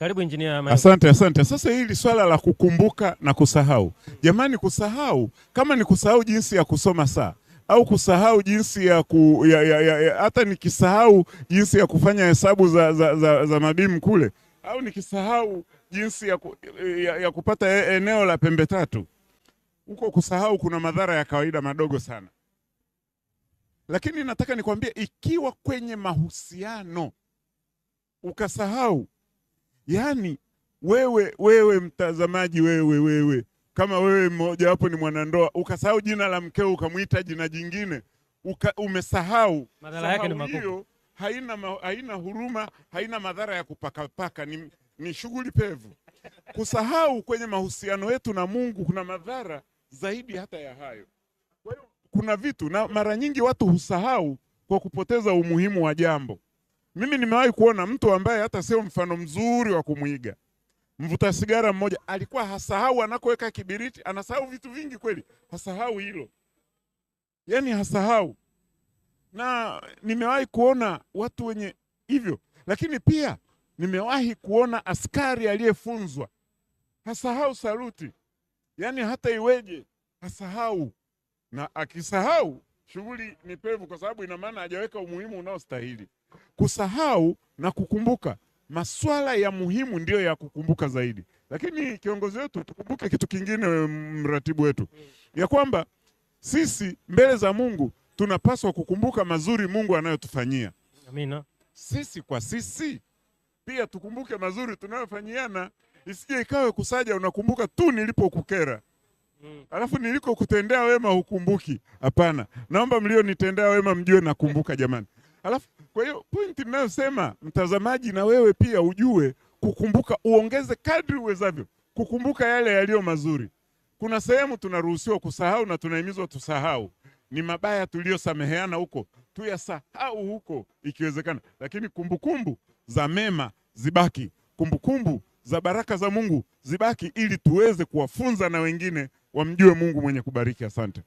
Karibu Injinia. Asante, asante. Sasa hili swala la kukumbuka na kusahau, jamani, kusahau kama ni kusahau jinsi ya kusoma saa au kusahau jinsi ya ku ya, ya, ya, ya, hata nikisahau jinsi ya kufanya hesabu za, za, za, za madimu kule au nikisahau jinsi ya, ku, ya, ya kupata e, eneo la pembe tatu huko, kusahau kuna madhara ya kawaida madogo sana, lakini nataka nikwambie, ikiwa kwenye mahusiano ukasahau Yaani wewe wewe mtazamaji, wewe wewe, kama wewe mmoja wapo ni mwanandoa ukasahau jina la mkeo ukamwita jina jingine uka, umesahau madhara yake ni makubwa. Haina, ma, haina huruma, haina madhara ya kupakapaka, ni, ni shughuli pevu. Kusahau kwenye mahusiano yetu na Mungu kuna madhara zaidi hata ya hayo. Kwa hiyo kuna vitu na mara nyingi watu husahau kwa kupoteza umuhimu wa jambo. Mimi nimewahi kuona mtu ambaye hata sio mfano mzuri wa kumwiga, mvuta sigara mmoja alikuwa hasahau anakoweka kibiriti, anasahau vitu vingi kweli, hasahau hilo, yaani hasahau. Na nimewahi kuona watu wenye hivyo, lakini pia nimewahi kuona askari aliyefunzwa hasahau saluti, yaani hata iweje hasahau, na akisahau shughuli ni pevu, kwa sababu ina maana hajaweka umuhimu unaostahili. Kusahau na kukumbuka, maswala ya muhimu ndiyo ya kukumbuka zaidi. Lakini kiongozi wetu, tukumbuke kitu kingine, mratibu wetu, ya kwamba sisi mbele za Mungu tunapaswa kukumbuka mazuri Mungu anayotufanyia. Amina. Sisi kwa sisi pia tukumbuke mazuri tunayofanyiana, isije ikawe kusaja unakumbuka tu nilipokukera mm. Alafu niliko kutendea wema hukumbuki? Hapana, naomba mlionitendea wema mjue nakumbuka jamani. Alafu kwa hiyo pointi ninayosema mtazamaji, na wewe pia ujue kukumbuka, uongeze kadri uwezavyo kukumbuka yale yaliyo mazuri. Kuna sehemu tunaruhusiwa kusahau na tunahimizwa tusahau, ni mabaya tuliyosameheana huko tuyasahau huko ikiwezekana, lakini kumbukumbu za mema zibaki, kumbukumbu za baraka za Mungu zibaki, ili tuweze kuwafunza na wengine wamjue Mungu mwenye kubariki. Asante.